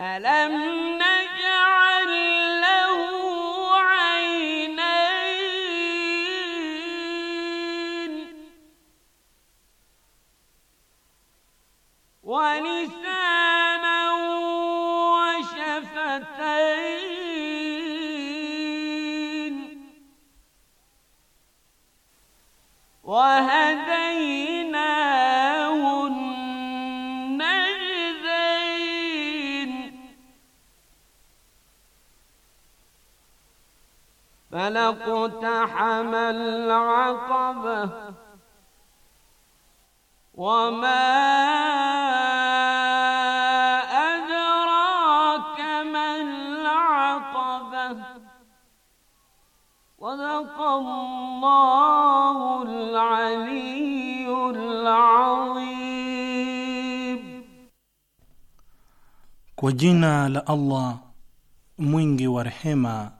ألم نجعل فلاقتحم العقبة وما أدراك ما العقبة صدق الله العلي العظيم kwa لألله la ورحمه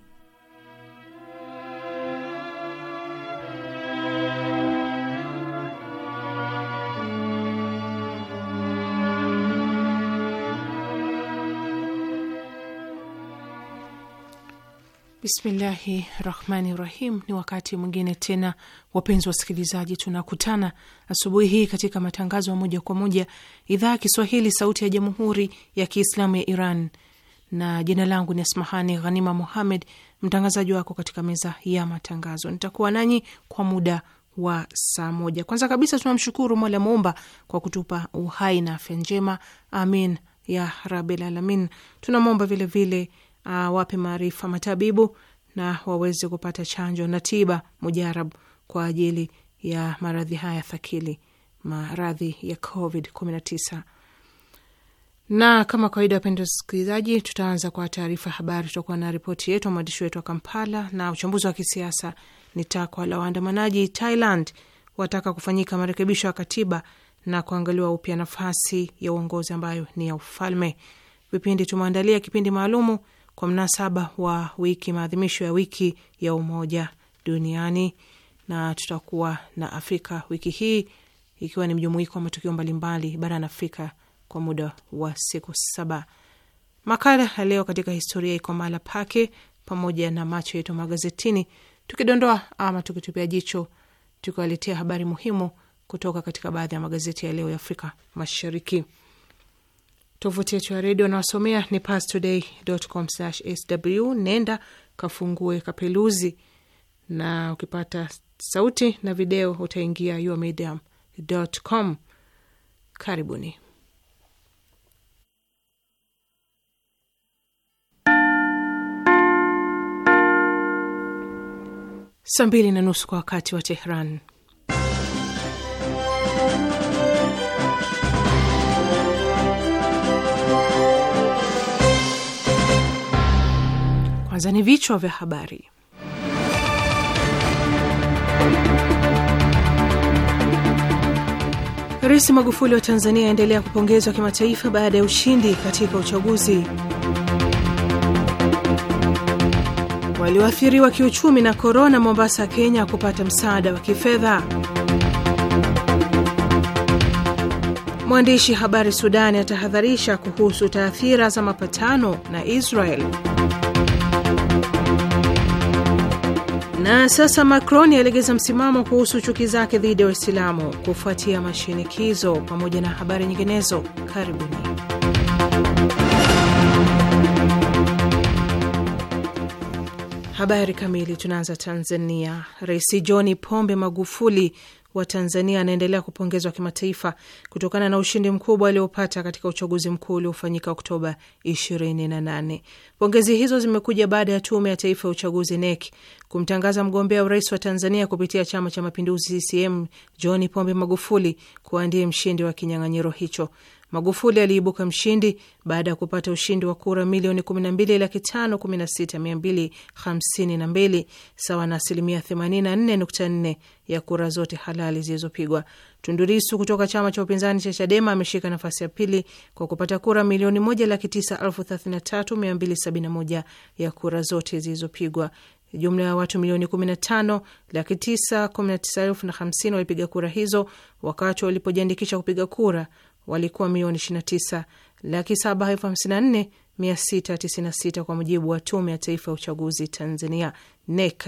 Bismillahi rahmani rahim. Ni wakati mwingine tena, wapenzi wasikilizaji, tunakutana asubuhi hii katika matangazo ya moja kwa moja idhaa ya Kiswahili sauti ya jamhuri ya Kiislamu ya Iran, na jina langu ni Asmahani Ghanima Muhammed, mtangazaji wako katika meza ya matangazo. Nitakuwa nanyi kwa muda wa saa moja. Kwanza kabisa tunamshukuru Mola Muumba kwa kutupa uhai na afya njema, amin ya rabil alamin. Tunamwomba vilevile awape uh, maarifa matabibu na waweze kupata chanjo na tiba mujarab kwa ajili ya maradhi haya thakili, maradhi ya Covid 19. Na kama kawaida, wapendwa wasikilizaji, tutaanza kwa taarifa habari. Tutakuwa na ripoti yetu wa mwandishi wetu wa Kampala na uchambuzi wa kisiasa ni takwa la waandamanaji Thailand wataka kufanyika marekebisho ya katiba na kuangaliwa upya nafasi ya uongozi ambayo ni ya ufalme. Vipindi tumeandalia kipindi maalumu kwa mnasaba wa wiki maadhimisho ya wiki ya umoja duniani, na tutakuwa na Afrika wiki hii ikiwa ni mjumuiko wa matukio mbalimbali barani Afrika kwa muda wa siku saba. Makala ya leo katika historia iko mahala pake, pamoja na macho yetu magazetini, tukidondoa ama tukitupia jicho, tukiwaletea habari muhimu kutoka katika baadhi ya magazeti ya leo ya Afrika Mashariki. Tovuti yetu ya redio anawasomea ni pastoday.com/sw. Nenda kafungue kapeluzi, na ukipata sauti na video utaingia yourmedium.com. Karibuni. Saa mbili na nusu kwa wakati wa Tehran. Kwanza ni vichwa vya habari. Rais Magufuli wa Tanzania aendelea kupongezwa kimataifa baada ya ushindi katika uchaguzi. Walioathiriwa kiuchumi na korona Mombasa, Kenya kupata msaada wa kifedha. Mwandishi habari Sudani atahadharisha kuhusu taathira za mapatano na Israel. Na sasa Macron alegeza msimamo kuhusu chuki zake dhidi ya Waislamu kufuatia mashinikizo, pamoja na habari nyinginezo. Karibuni. Habari kamili. Tunaanza Tanzania. Rais John Pombe Magufuli wa Tanzania anaendelea kupongezwa kimataifa kutokana na ushindi mkubwa aliopata katika uchaguzi mkuu uliofanyika Oktoba 28. Pongezi hizo zimekuja baada ya Tume ya Taifa ya Uchaguzi NEC kumtangaza mgombea urais wa Tanzania kupitia Chama cha Mapinduzi CCM John Pombe Magufuli kuwa ndiye mshindi wa kinyang'anyiro hicho. Magufuli aliibuka mshindi baada ya kupata ushindi wa kura milioni 12 sawa na asilimia 84.4 ya kura zote halali zilizopigwa. Tundurisu kutoka chama cha upinzani cha Chadema ameshika nafasi ya pili kwa kupata kura milioni 1 ya kura zote zilizopigwa. Jumla ya watu milioni 15 laki 9 19 elfu na 50 walipiga kura hizo wakati walipojiandikisha kupiga kura walikuwa milioni 29 laki saba kwa mujibu wa Tume ya Taifa ya Uchaguzi Tanzania, NEC.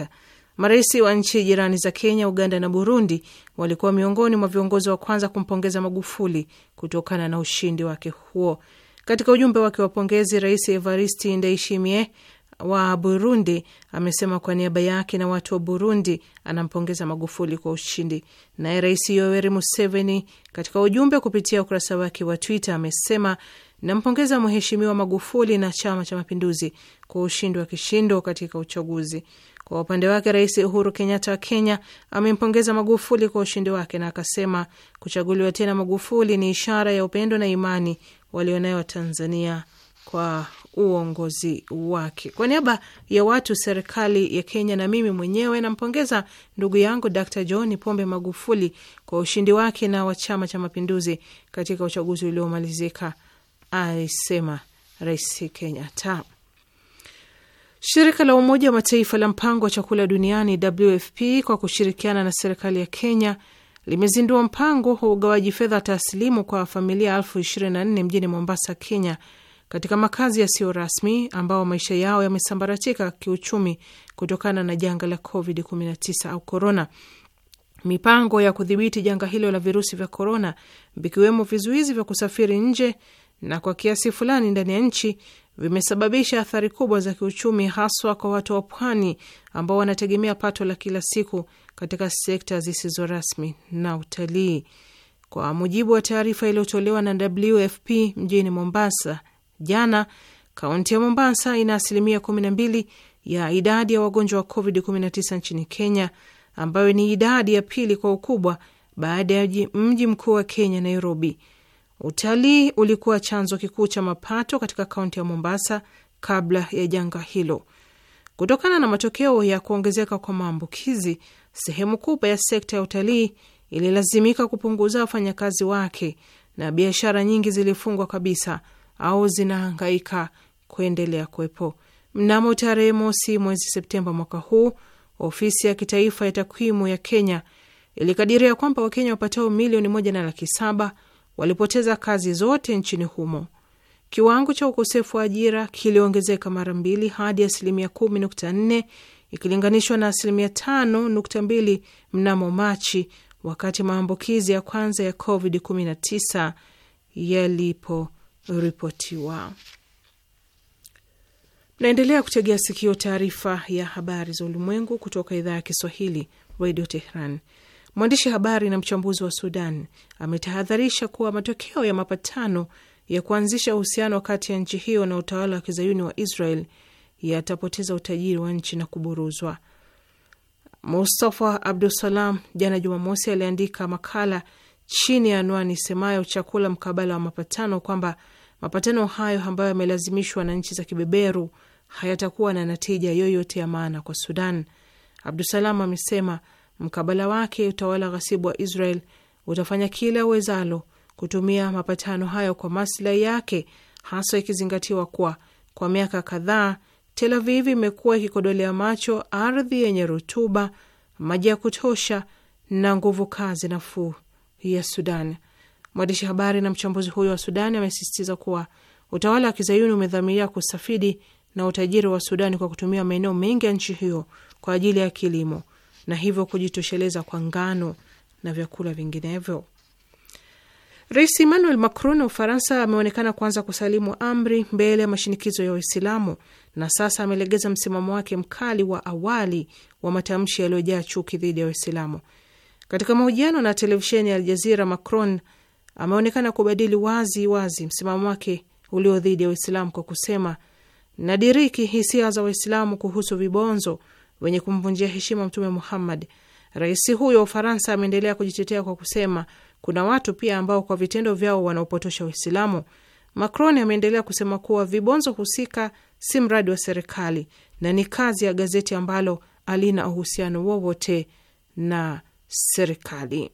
Marais wa nchi jirani za Kenya, Uganda na Burundi walikuwa miongoni mwa viongozi wa kwanza kumpongeza Magufuli kutokana na ushindi wake huo. Katika ujumbe wake wa pongezi, Rais Evaristi ndeishimie wa Burundi amesema kwa niaba yake na watu wa Burundi anampongeza Magufuli kwa ushindi. Naye Rais Yoweri Museveni katika ujumbe kupitia ukurasa wake wa Twitter amesema nampongeza Mheshimiwa Magufuli na Chama cha Mapinduzi kwa ushindi wa kishindo katika uchaguzi. Kwa upande wake, Rais Uhuru Kenyatta wa Kenya amempongeza Magufuli kwa ushindi wake na akasema kuchaguliwa tena Magufuli ni ishara ya upendo na imani walionayo Watanzania kwa uongozi wake. Kwa niaba ya watu, serikali ya Kenya na mimi mwenyewe, nampongeza ndugu yangu Dr John Pombe Magufuli kwa ushindi wake na wa Chama cha Mapinduzi katika uchaguzi uliomalizika, alisema Rais Kenyatta. Shirika la Umoja wa Mataifa la Mpango wa Chakula Duniani, WFP, kwa kushirikiana na serikali ya Kenya limezindua mpango wa ugawaji fedha taslimu kwa familia elfu 24 mjini Mombasa, Kenya katika makazi yasiyo rasmi ambao maisha yao yamesambaratika kiuchumi kutokana na janga la COVID-19 au korona. Mipango ya kudhibiti janga hilo la virusi vya korona, vikiwemo vizuizi vya kusafiri nje na kwa kiasi fulani ndani ya nchi, vimesababisha athari kubwa za kiuchumi, haswa kwa watu wa pwani ambao wanategemea pato la kila siku katika sekta zisizo rasmi na utalii. Kwa mujibu wa taarifa iliyotolewa na WFP mjini Mombasa, jana, kaunti ya Mombasa ina asilimia 12 ya idadi ya wagonjwa wa COVID-19 nchini Kenya, ambayo ni idadi ya pili kwa ukubwa baada ya mji mkuu wa Kenya, Nairobi. Utalii ulikuwa chanzo kikuu cha mapato katika kaunti ya Mombasa kabla ya janga hilo. Kutokana na matokeo ya kuongezeka kwa maambukizi, sehemu kubwa ya sekta ya utalii ililazimika kupunguza wafanyakazi wake na biashara nyingi zilifungwa kabisa au zinahangaika kuendelea kuwepo. Mnamo tarehe mosi mwezi Septemba mwaka huu, ofisi ya kitaifa ya takwimu ya Kenya ilikadiria kwamba Wakenya wapatao milioni moja na laki saba walipoteza kazi zote nchini humo. Kiwango cha ukosefu wa ajira kiliongezeka mara mbili hadi asilimia kumi nukta nne ikilinganishwa na asilimia tano nukta mbili mnamo Machi, wakati maambukizi ya kwanza ya COVID 19 yalipo kuripotiwa. Naendelea kutegea sikio taarifa ya habari za ulimwengu kutoka idhaa ya Kiswahili, Radio Tehran. Mwandishi habari na mchambuzi wa Sudan ametahadharisha kuwa matokeo ya mapatano ya kuanzisha uhusiano kati ya nchi hiyo na utawala wa kizayuni wa Israel yatapoteza utajiri wa nchi na kuburuzwa. Mustafa Abdusalam jana Jumamosi aliandika makala chini ya anwani semayo chakula mkabala wa mapatano kwamba Mapatano hayo ambayo yamelazimishwa na nchi za kibeberu hayatakuwa na natija yoyote ya maana kwa Sudan. Abdusalam amesema mkabala wake utawala ghasibu wa Israel utafanya kila uwezalo kutumia mapatano hayo kwa maslahi yake, hasa ikizingatiwa kuwa kwa miaka kadhaa Tel Aviv imekuwa ikikodolea macho ardhi yenye rutuba, maji ya kutosha na nguvu kazi nafuu ya Sudan. Mwandishi habari na mchambuzi huyo wa Sudani amesisitiza kuwa utawala wa kizayuni umedhamiria kusafidi na utajiri wa Sudani kwa kutumia maeneo mengi ya nchi hiyo kwa ajili ya kilimo na hivyo kujitosheleza kwa ngano na vyakula vinginevyo. Rais Emmanuel Macron wa Ufaransa ameonekana kuanza kusalimu amri mbele ya mashinikizo ya Waislamu na sasa amelegeza msimamo wake mkali wa awali wa matamshi yaliyojaa chuki dhidi ya Waislamu. Katika mahojiano na televisheni ya Aljazira, Macron ameonekana kubadili wazi wazi msimamo wake ulio dhidi ya Waislamu kwa kusema, nadiriki hisia za Waislamu kuhusu vibonzo wenye kumvunjia heshima Mtume Muhammad. Rais huyo wa Ufaransa ameendelea kujitetea kwa kusema kuna watu pia ambao kwa vitendo vyao wanaopotosha Uislamu. Macron ameendelea kusema kuwa vibonzo husika si mradi wa serikali na ni kazi ya gazeti ambalo alina uhusiano wowote na serikali.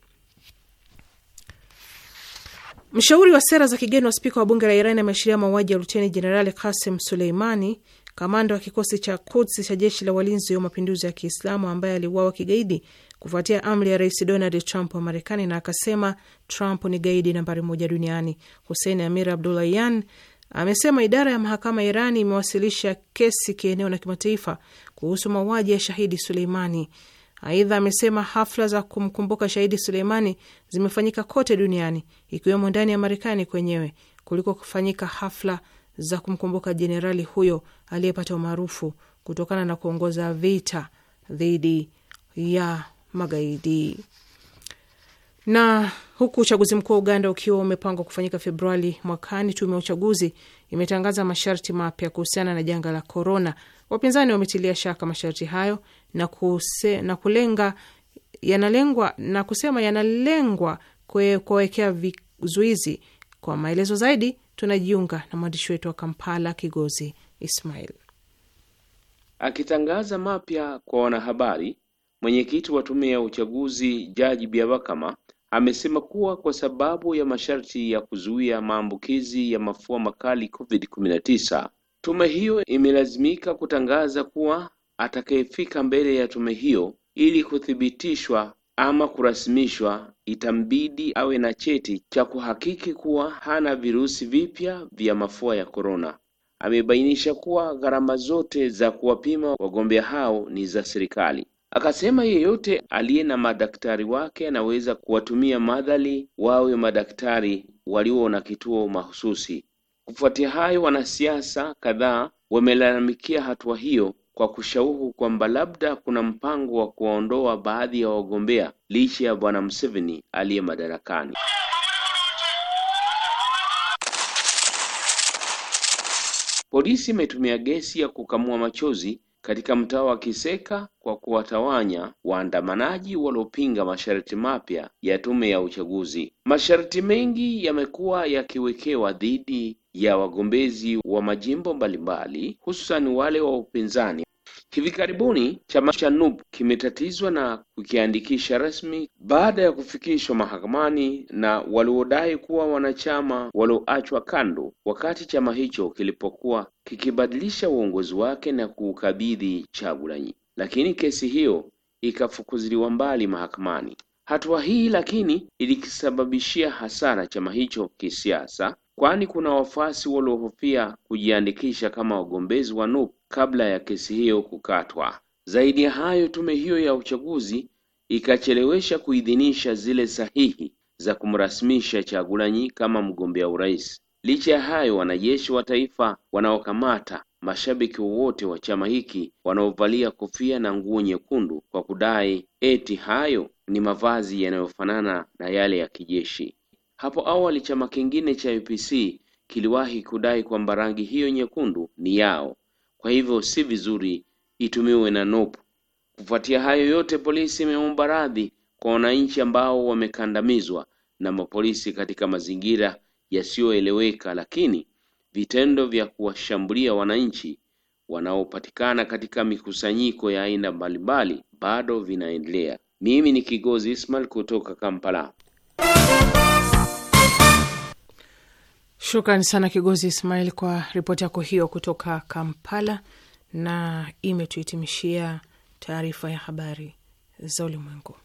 Mshauri wa sera za kigeni wa spika wa bunge la Irani ameashiria mauaji ya luteni jenerali Kasim Suleimani, kamanda wa kikosi cha Kuds cha jeshi la walinzi wa mapinduzi ya Kiislamu, ambaye aliuawa kigaidi kufuatia amri ya rais Donald Trump wa Marekani, na akasema Trump ni gaidi nambari moja duniani. Hussein Amir Abdulayan amesema idara ya mahakama ya Irani imewasilisha kesi kieneo na kimataifa kuhusu mauaji ya shahidi Suleimani Aidha amesema hafla za kumkumbuka shahidi Suleimani zimefanyika kote duniani ikiwemo ndani ya Marekani kwenyewe kuliko kufanyika hafla za kumkumbuka jenerali huyo aliyepata umaarufu kutokana na kuongoza vita dhidi ya magaidi. Na huku uchaguzi mkuu wa Uganda ukiwa umepangwa kufanyika Februari mwakani, tume ya uchaguzi imetangaza masharti mapya kuhusiana na janga la korona. Wapinzani wametilia shaka masharti hayo na, kuse, na kulenga yanalengwa na kusema yanalengwa kuwawekea vizuizi. Kwa maelezo zaidi tunajiunga na mwandishi wetu wa Kampala, Kigozi Ismail. Akitangaza mapya kwa wanahabari, mwenyekiti wa tume ya uchaguzi Jaji Biabakama amesema kuwa kwa sababu ya masharti ya kuzuia maambukizi ya mafua makali COVID-19, tume hiyo imelazimika kutangaza kuwa atakayefika mbele ya tume hiyo ili kuthibitishwa ama kurasimishwa, itambidi awe na cheti cha kuhakiki kuwa hana virusi vipya vya mafua ya korona. Amebainisha kuwa gharama zote za kuwapima wagombea hao ni za serikali. Akasema yeyote aliye na madaktari wake anaweza kuwatumia madhali wawe madaktari walio na kituo mahususi. Kufuatia hayo, wanasiasa kadhaa wamelalamikia hatua hiyo kwa kushauku kwamba labda kuna mpango wa kuwaondoa baadhi ya wagombea licha ya bwana Museveni aliye madarakani. Polisi imetumia gesi ya kukamua machozi katika mtaa wa Kiseka kwa kuwatawanya waandamanaji waliopinga masharti mapya ya tume ya uchaguzi. Masharti mengi yamekuwa yakiwekewa dhidi ya wagombezi wa majimbo mbalimbali, hususani wale wa upinzani. Hivi karibuni chama cha NUP kimetatizwa na kukiandikisha rasmi baada ya kufikishwa mahakamani na waliodai kuwa wanachama walioachwa kando wakati chama hicho kilipokuwa kikibadilisha uongozi wake na kuukabidhi Kyagulanyi, lakini kesi hiyo ikafukuziliwa mbali mahakamani. Hatua hii lakini ilikisababishia hasara chama hicho kisiasa, kwani kuna wafuasi waliohofia kujiandikisha kama wagombezi wa NUP kabla ya kesi hiyo kukatwa. Zaidi ya hayo, tume hiyo ya uchaguzi ikachelewesha kuidhinisha zile sahihi za kumrasmisha Chagulanyi kama mgombea urais. Licha ya hayo, wanajeshi wa taifa wanaokamata mashabiki wote wa chama hiki wanaovalia kofia na nguo nyekundu kwa kudai eti hayo ni mavazi yanayofanana na yale ya kijeshi. Hapo awali chama kingine cha UPC kiliwahi kudai kwamba rangi hiyo nyekundu ni yao, kwa hivyo si vizuri itumiwe na NOP. Kufuatia hayo yote, polisi imeomba radhi kwa wananchi ambao wamekandamizwa na mapolisi katika mazingira yasiyoeleweka, lakini vitendo vya kuwashambulia wananchi wanaopatikana katika mikusanyiko ya aina mbalimbali bado vinaendelea. Mimi ni Kigozi Ismail kutoka Kampala. Shukrani sana Kigozi Ismail kwa ripoti yako hiyo kutoka Kampala, na imetuhitimishia taarifa ya habari za ulimwengu.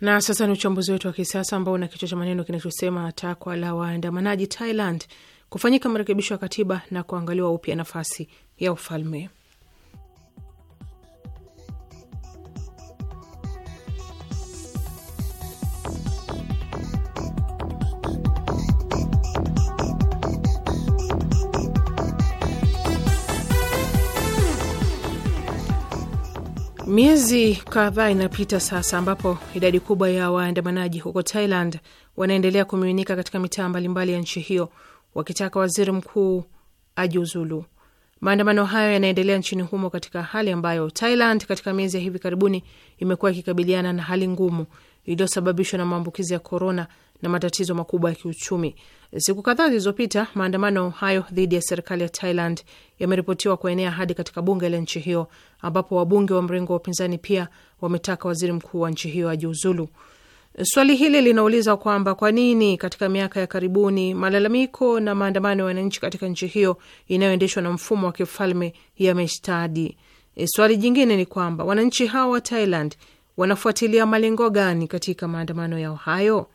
Na sasa ni uchambuzi wetu wa kisiasa ambao una kichwa cha maneno kinachosema takwa la waandamanaji Thailand kufanyika marekebisho ya katiba na kuangaliwa upya nafasi ya ufalme. Miezi kadhaa inapita sasa ambapo idadi kubwa ya waandamanaji huko Thailand wanaendelea kumiminika katika mitaa mbalimbali ya nchi hiyo wakitaka waziri mkuu ajiuzulu. Maandamano hayo yanaendelea nchini humo katika hali ambayo Thailand katika miezi ya hivi karibuni imekuwa ikikabiliana na hali ngumu iliyosababishwa na maambukizi ya korona na matatizo makubwa ya kiuchumi. Siku kadhaa zilizopita, maandamano hayo dhidi ya serikali ya Thailand yameripotiwa kuenea hadi katika bunge la nchi hiyo, ambapo wabunge wa mrengo wa upinzani pia wametaka waziri mkuu wa nchi hiyo ajiuzulu. Swali hili linauliza kwamba kwa nini katika miaka ya karibuni malalamiko na maandamano ya wananchi katika nchi hiyo inayoendeshwa na mfumo wa kifalme yamestadi. E, swali jingine ni kwamba wananchi hao wa Thailand wanafuatilia malengo gani katika maandamano yao hayo?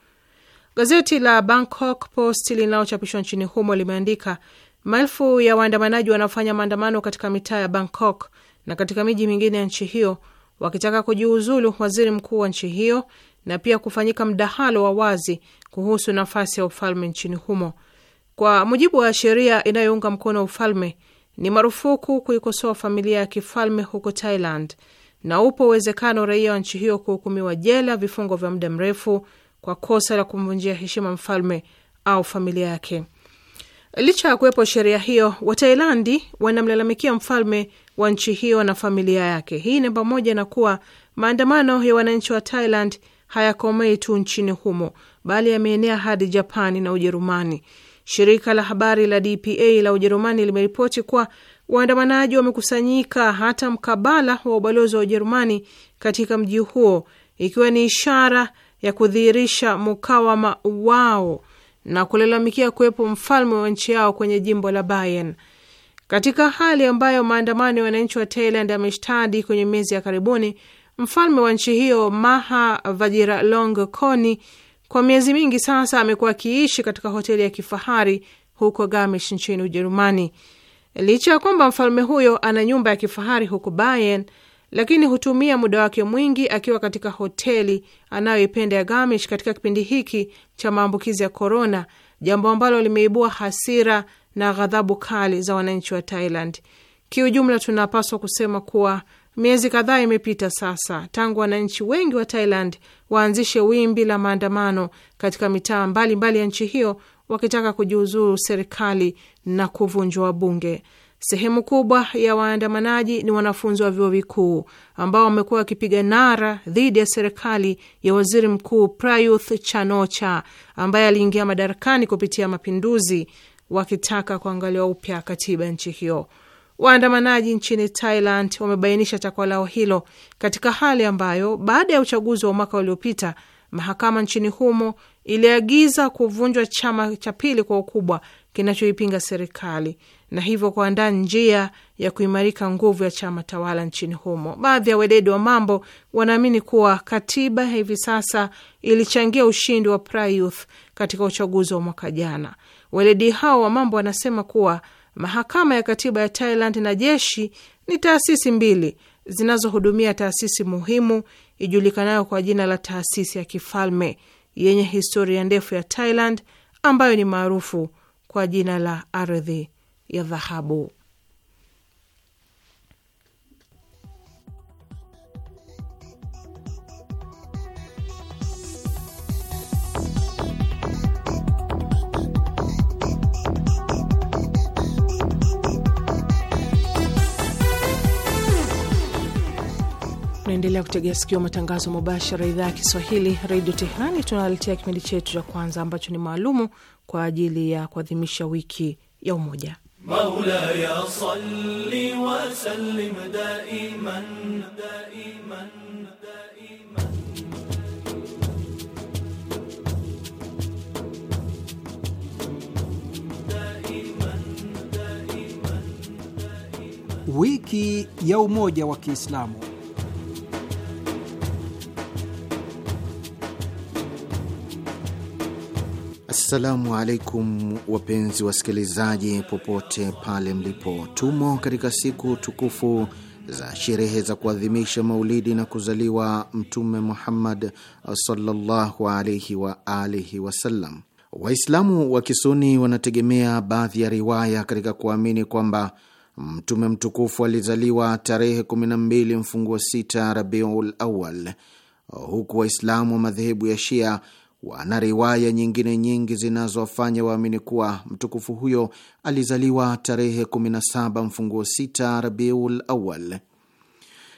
Gazeti la Bangkok Post linalochapishwa nchini humo limeandika maelfu ya waandamanaji wanaofanya maandamano katika mitaa ya Bangkok na katika miji mingine ya nchi hiyo wakitaka kujiuzulu waziri mkuu wa nchi hiyo na pia kufanyika mdahalo wa wazi kuhusu nafasi ya ufalme nchini humo. Kwa mujibu wa sheria inayounga mkono ufalme, ni marufuku kuikosoa familia ya kifalme huko Thailand, na upo uwezekano raia wa nchi hiyo kuhukumiwa jela vifungo vya muda mrefu kwa kosa la kumvunjia heshima mfalme au familia yake. Licha ya kuwepo sheria hiyo, Watailandi wanamlalamikia mfalme wa nchi hiyo na familia yake. Hii ni pamoja na kuwa maandamano ya wananchi wa Thailand hayakomei tu nchini humo, bali yameenea hadi Japani na Ujerumani. Shirika la habari la DPA la Ujerumani limeripoti kuwa waandamanaji wamekusanyika hata mkabala wa ubalozi wa Ujerumani katika mji huo, ikiwa ni ishara ya kudhihirisha mukawama wao na kulalamikia kuwepo mfalme wa nchi yao kwenye jimbo la Bayern. Katika hali ambayo maandamano ya wananchi wa Thailand yameshtadi kwenye miezi ya karibuni, mfalme wa nchi hiyo Maha Vajiralongkorn kwa miezi mingi sasa amekuwa akiishi katika hoteli ya kifahari huko Garmisch nchini Ujerumani. Licha ya kwamba mfalme huyo ana nyumba ya kifahari huko Bayern, lakini hutumia muda wake mwingi akiwa katika hoteli anayoipenda ya Gamish katika kipindi hiki cha maambukizi ya korona, jambo ambalo limeibua hasira na ghadhabu kali za wananchi wa Thailand. Kiujumla, tunapaswa kusema kuwa miezi kadhaa imepita sasa tangu wananchi wengi wa Thailand waanzishe wimbi la maandamano katika mitaa mbalimbali ya nchi hiyo wakitaka kujiuzuru serikali na kuvunjwa bunge. Sehemu kubwa ya waandamanaji ni wanafunzi wa vyuo vikuu ambao wamekuwa wakipiga nara dhidi ya serikali ya waziri mkuu Prayuth Chanocha ambaye aliingia madarakani kupitia mapinduzi, wakitaka kuangaliwa upya katiba nchi hiyo. Waandamanaji nchini Thailand wamebainisha takwa lao hilo katika hali ambayo baada ya uchaguzi wa mwaka uliopita mahakama nchini humo iliagiza kuvunjwa chama cha pili kwa ukubwa kinachoipinga serikali na hivyo kuandaa njia ya kuimarika nguvu ya chama tawala nchini humo. Baadhi ya weledi wa mambo wanaamini kuwa katiba ya hivi sasa ilichangia ushindi wa Prayuth katika uchaguzi wa mwaka jana. Weledi hao wa mambo wanasema kuwa mahakama ya katiba ya Thailand na jeshi ni taasisi mbili zinazohudumia taasisi muhimu ijulikanayo kwa jina la taasisi ya kifalme yenye historia ndefu ya Thailand ambayo ni maarufu kwa jina la ardhi ya dhahabu. Unaendelea kutegea sikio matangazo mubashara, idhaa ya Kiswahili redio Tehrani. Tunaletea kipindi chetu cha kwanza ambacho ni maalumu kwa ajili ya kuadhimisha wiki ya umoja. salli wa sallim daiman, daiman, daiman. Wiki ya umoja wa Kiislamu Assalamu alaikum wapenzi wasikilizaji, popote pale mlipo, tumo katika siku tukufu za sherehe za kuadhimisha maulidi na kuzaliwa Mtume Muhammad sallallahu alaihi wa alihi wasallam. Waislamu wa Kisuni wanategemea baadhi ya riwaya katika kuamini kwamba Mtume mtukufu alizaliwa tarehe 12 mfunguo 6 Rabiul Awal, huku Waislamu wa madhehebu ya Shia Wana riwaya nyingine nyingi zinazofanya waamini kuwa mtukufu huyo alizaliwa tarehe 17 mfunguo 6 Rabiul Awal.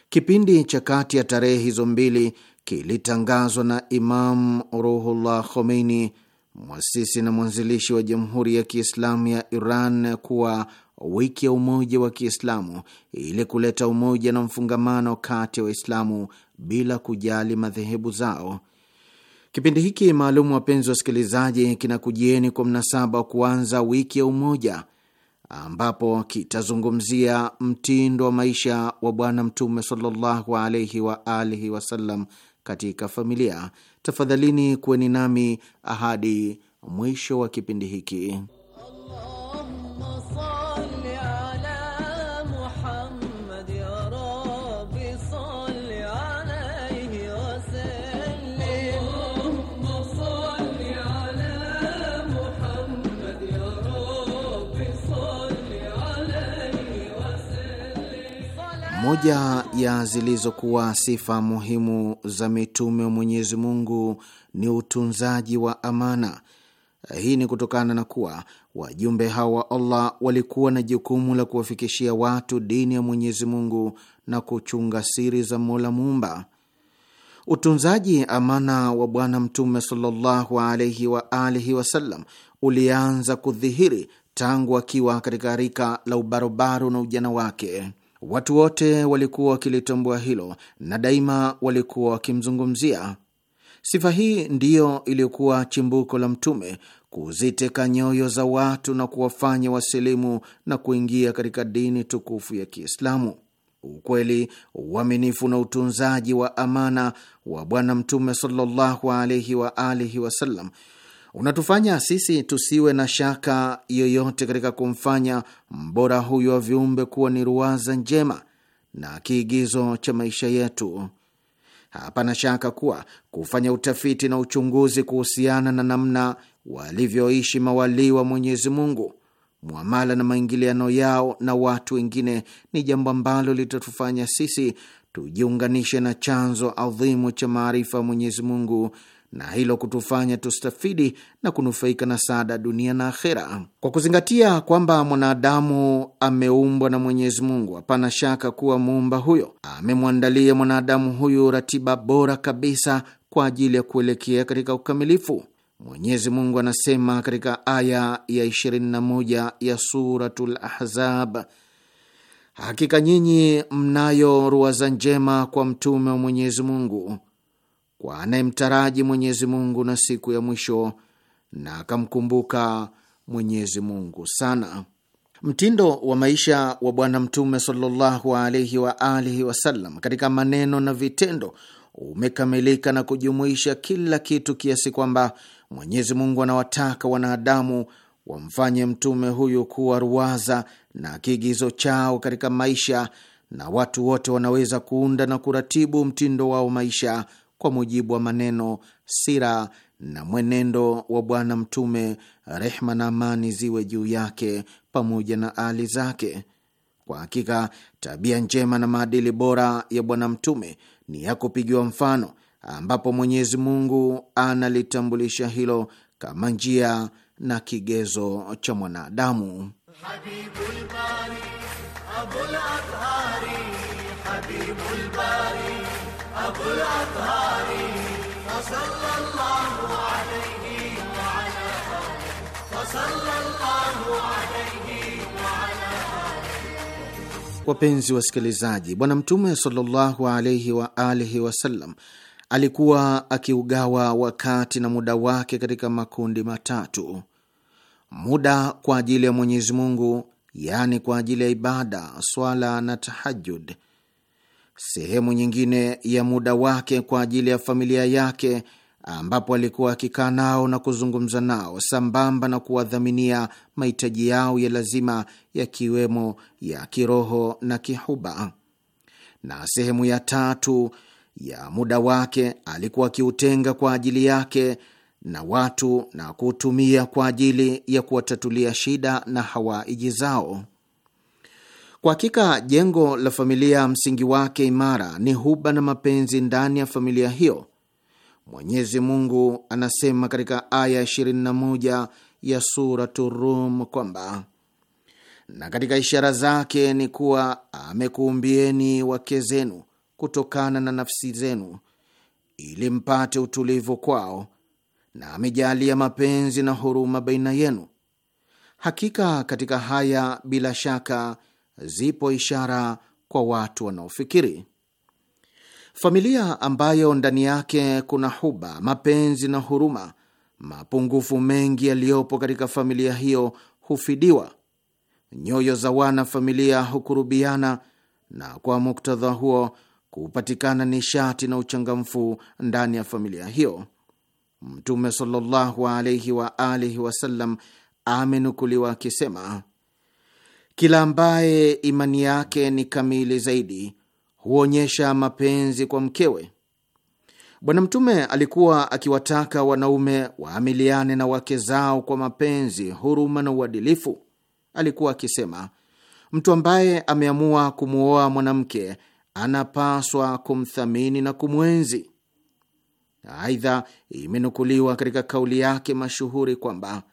Kipindi cha kati ya tarehe hizo mbili kilitangazwa na Imam Ruhullah Khomeini, mwasisi na mwanzilishi wa Jamhuri ya Kiislamu ya Iran, kuwa wiki ya umoja wa Kiislamu ili kuleta umoja na mfungamano kati ya Waislamu bila kujali madhehebu zao. Kipindi hiki maalum, wapenzi wasikilizaji, kinakujieni kwa mnasaba wa kuanza wiki ya Umoja, ambapo kitazungumzia mtindo wa maisha wa Bwana Mtume sallallahu alaihi wa alihi wasallam katika familia. Tafadhalini kuweni nami ahadi mwisho wa kipindi hiki. Moja ya zilizokuwa sifa muhimu za mitume wa Mwenyezi Mungu ni utunzaji wa amana. Hii ni kutokana na kuwa wajumbe hawa wa Allah walikuwa na jukumu la kuwafikishia watu dini ya Mwenyezi Mungu na kuchunga siri za Mola Muumba. Utunzaji amana wa Bwana Mtume sallallahu alaihi wa alihi wasallam ulianza kudhihiri tangu akiwa katika rika la ubarobaro na ujana wake. Watu wote walikuwa wakilitambua hilo na daima walikuwa wakimzungumzia. Sifa hii ndiyo iliyokuwa chimbuko la Mtume kuziteka nyoyo za watu na kuwafanya wasilimu na kuingia katika dini tukufu ya Kiislamu. Ukweli, uaminifu na utunzaji wa amana wa Bwana Mtume sallallahu alaihi wa alihi wasallam unatufanya sisi tusiwe na shaka yoyote katika kumfanya mbora huyu wa viumbe kuwa ni ruwaza njema na kiigizo cha maisha yetu. Hapana shaka kuwa kufanya utafiti na uchunguzi kuhusiana na namna walivyoishi mawalii wa Mwenyezi Mungu, mwamala na maingiliano yao na watu wengine, ni jambo ambalo litatufanya sisi tujiunganishe na chanzo adhimu cha maarifa ya Mwenyezi Mungu na hilo kutufanya tustafidi na kunufaika na saada dunia na akhera. Kwa kuzingatia kwamba mwanadamu ameumbwa na Mwenyezi Mungu, hapana shaka kuwa muumba huyo amemwandalia mwanadamu huyu ratiba bora kabisa kwa ajili ya kuelekea katika ukamilifu. Mwenyezi Mungu anasema katika aya ya 21 ya Suratul Ahzab, hakika nyinyi mnayo ruwaza njema kwa mtume wa Mwenyezi Mungu kwa anayemtaraji Mwenyezi Mungu na siku ya mwisho na akamkumbuka Mwenyezi Mungu sana. Mtindo wa maisha wa Bwana Mtume sallallahu alaihi wa alihi wasallam katika maneno na vitendo umekamilika na kujumuisha kila kitu kiasi kwamba Mwenyezi Mungu anawataka wanadamu wamfanye mtume huyu kuwa ruwaza na kiigizo chao katika maisha, na watu wote wanaweza kuunda na kuratibu mtindo wao maisha kwa mujibu wa maneno, sira na mwenendo wa Bwana Mtume, rehma na amani ziwe juu yake pamoja na ali zake. Kwa hakika tabia njema na maadili bora ya Bwana Mtume ni ya kupigiwa mfano, ambapo Mwenyezi Mungu analitambulisha hilo kama njia na kigezo cha mwanadamu. Habibul Bari, Abul Athari, Habibul Bari. Wapenzi wasikilizaji, Bwana Mtume sallallahu alaihi wa alihi wasallam alikuwa akiugawa wakati na muda wake katika makundi matatu: muda kwa ajili ya Mwenyezi Mungu, yaani kwa ajili ya ibada, swala na tahajud sehemu nyingine ya muda wake kwa ajili ya familia yake, ambapo alikuwa akikaa nao na kuzungumza nao sambamba na kuwadhaminia mahitaji yao ya lazima yakiwemo ya kiroho na kihuba. Na sehemu ya tatu ya muda wake alikuwa akiutenga kwa ajili yake na watu na kuutumia kwa ajili ya kuwatatulia shida na hawaiji zao. Kwa hakika jengo la familia msingi wake imara ni huba na mapenzi ndani ya familia hiyo. Mwenyezi Mungu anasema katika aya 21 ya Suratu Rum kwamba na katika ishara zake ni kuwa amekuumbieni wake zenu kutokana na nafsi zenu ili mpate utulivu kwao, na amejalia mapenzi na huruma baina yenu. Hakika katika haya bila shaka zipo ishara kwa watu wanaofikiri. Familia ambayo ndani yake kuna huba, mapenzi na huruma, mapungufu mengi yaliyopo katika familia hiyo hufidiwa, nyoyo za wana familia hukurubiana, na kwa muktadha huo kupatikana nishati na uchangamfu ndani ya familia hiyo. Mtume sallallahu alaihi wa alihi wasallam amenukuliwa akisema kila ambaye imani yake ni kamili zaidi huonyesha mapenzi kwa mkewe. Bwana Mtume alikuwa akiwataka wanaume waamiliane na wake zao kwa mapenzi, huruma na uadilifu. Alikuwa akisema, mtu ambaye ameamua kumwoa mwanamke anapaswa kumthamini na kumwenzi. Aidha, imenukuliwa katika kauli yake mashuhuri kwamba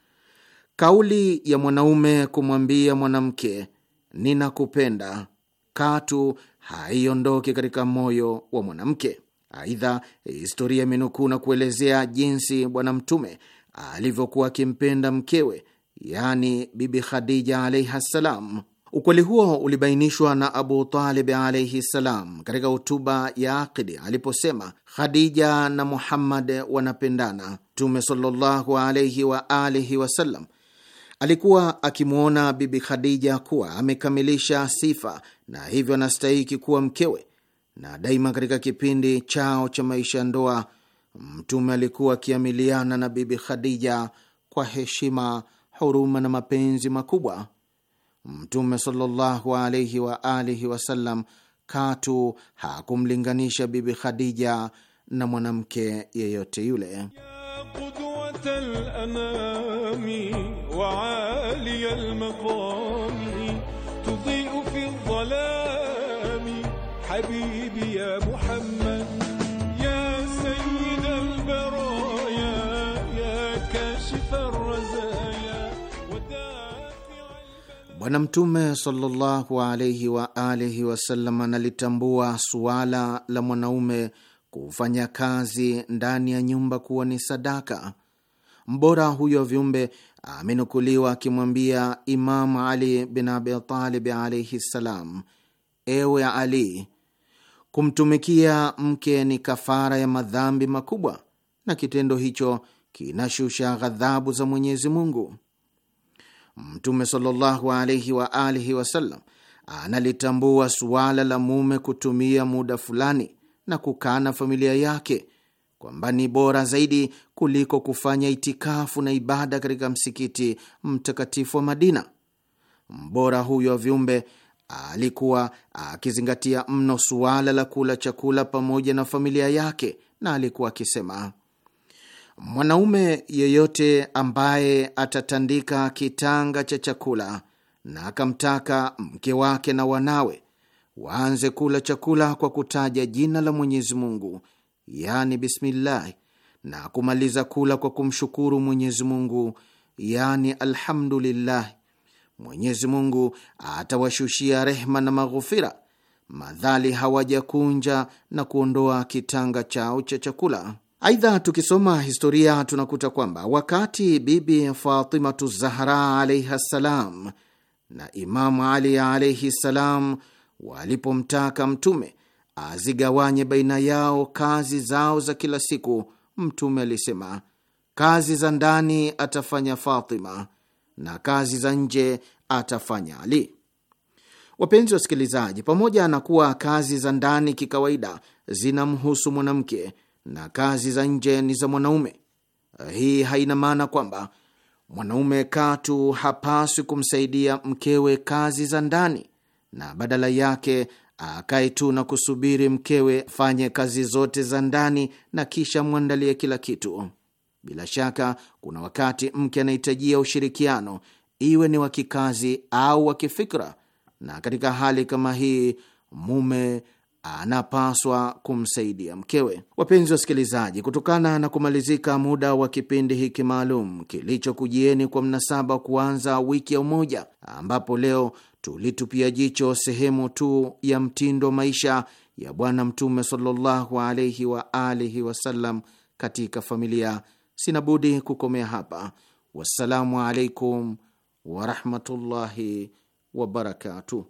Kauli ya mwanaume kumwambia mwanamke ninakupenda katu haiondoki katika moyo wa mwanamke. Aidha, historia imenukuu na kuelezea jinsi Bwana Mtume alivyokuwa akimpenda mkewe, yaani Bibi Khadija alaihi ssalam. Ukweli huo ulibainishwa na Abu Talib alaihi ssalam katika hotuba ya Aqidi aliposema, Khadija na Muhammad wanapendana. Mtume sallallahu alaihi waalihi wasallam Alikuwa akimwona Bibi Khadija kuwa amekamilisha sifa na hivyo anastahiki kuwa mkewe, na daima katika kipindi chao cha maisha ya ndoa Mtume alikuwa akiamiliana na Bibi Khadija kwa heshima, huruma na mapenzi makubwa. Mtume sallallahu alaihi wa alihi wasallam katu hakumlinganisha Bibi Khadija na mwanamke yeyote yule ya قمة الأنام وعالي المقام تضيء في الظلام حبيبي يا محمد يا سيد البرايا يا كاشف الرزايا Bwana Mtume sallallahu alaihi wa alihi wasallam analitambua suala la mwanaume kufanya kazi ndani ya nyumba kuwa ni sadaka. Mbora huyo viumbe amenukuliwa akimwambia Imamu Ali bin Abitalib alaihi ssalam, ewe Ali, kumtumikia mke ni kafara ya madhambi makubwa na kitendo hicho kinashusha ghadhabu za Mwenyezi Mungu. Mtume sallallahu alaihi wa alihi wasallam analitambua suala la mume kutumia muda fulani na kukaa na familia yake kwamba ni bora zaidi kuliko kufanya itikafu na ibada katika msikiti mtakatifu wa Madina. Mbora huyo wa viumbe alikuwa akizingatia mno suala la kula chakula pamoja na familia yake, na alikuwa akisema, mwanaume yeyote ambaye atatandika kitanga cha chakula na akamtaka mke wake na wanawe waanze kula chakula kwa kutaja jina la Mwenyezi Mungu, yani bismillahi, na kumaliza kula kwa kumshukuru Mwenyezi Mungu, yani alhamdulillah. Mwenyezi Mungu atawashushia rehma na maghufira madhali hawajakunja na kuondoa kitanga chao cha chakula. Aidha, tukisoma historia tunakuta kwamba wakati Bibi Fatimatu Zahra alaihi ssalam na Imamu Ali alaihi ssalam walipomtaka Mtume azigawanye baina yao kazi zao za kila siku. Mtume alisema, kazi za ndani atafanya Fatima na kazi za nje atafanya Ali. Wapenzi wasikilizaji, pamoja na kuwa kazi za ndani kikawaida zinamhusu mwanamke na kazi za nje ni za mwanaume, hii haina maana kwamba mwanaume katu hapaswi kumsaidia mkewe kazi za ndani, na badala yake akae tu na kusubiri mkewe afanye kazi zote za ndani na kisha mwandalie kila kitu. Bila shaka kuna wakati mke anahitajia ushirikiano, iwe ni wa kikazi au wa kifikra, na katika hali kama hii mume anapaswa kumsaidia mkewe. Wapenzi wasikilizaji, kutokana na kumalizika muda wa kipindi hiki maalum kilichokujieni kwa mnasaba kuanza wiki ya Umoja, ambapo leo tulitupia jicho sehemu tu ya mtindo maisha ya Bwana Mtume sallallahu alaihi wa alihi wasallam katika familia. Sina budi kukomea hapa. Wassalamu alaikum warahmatullahi wabarakatuh.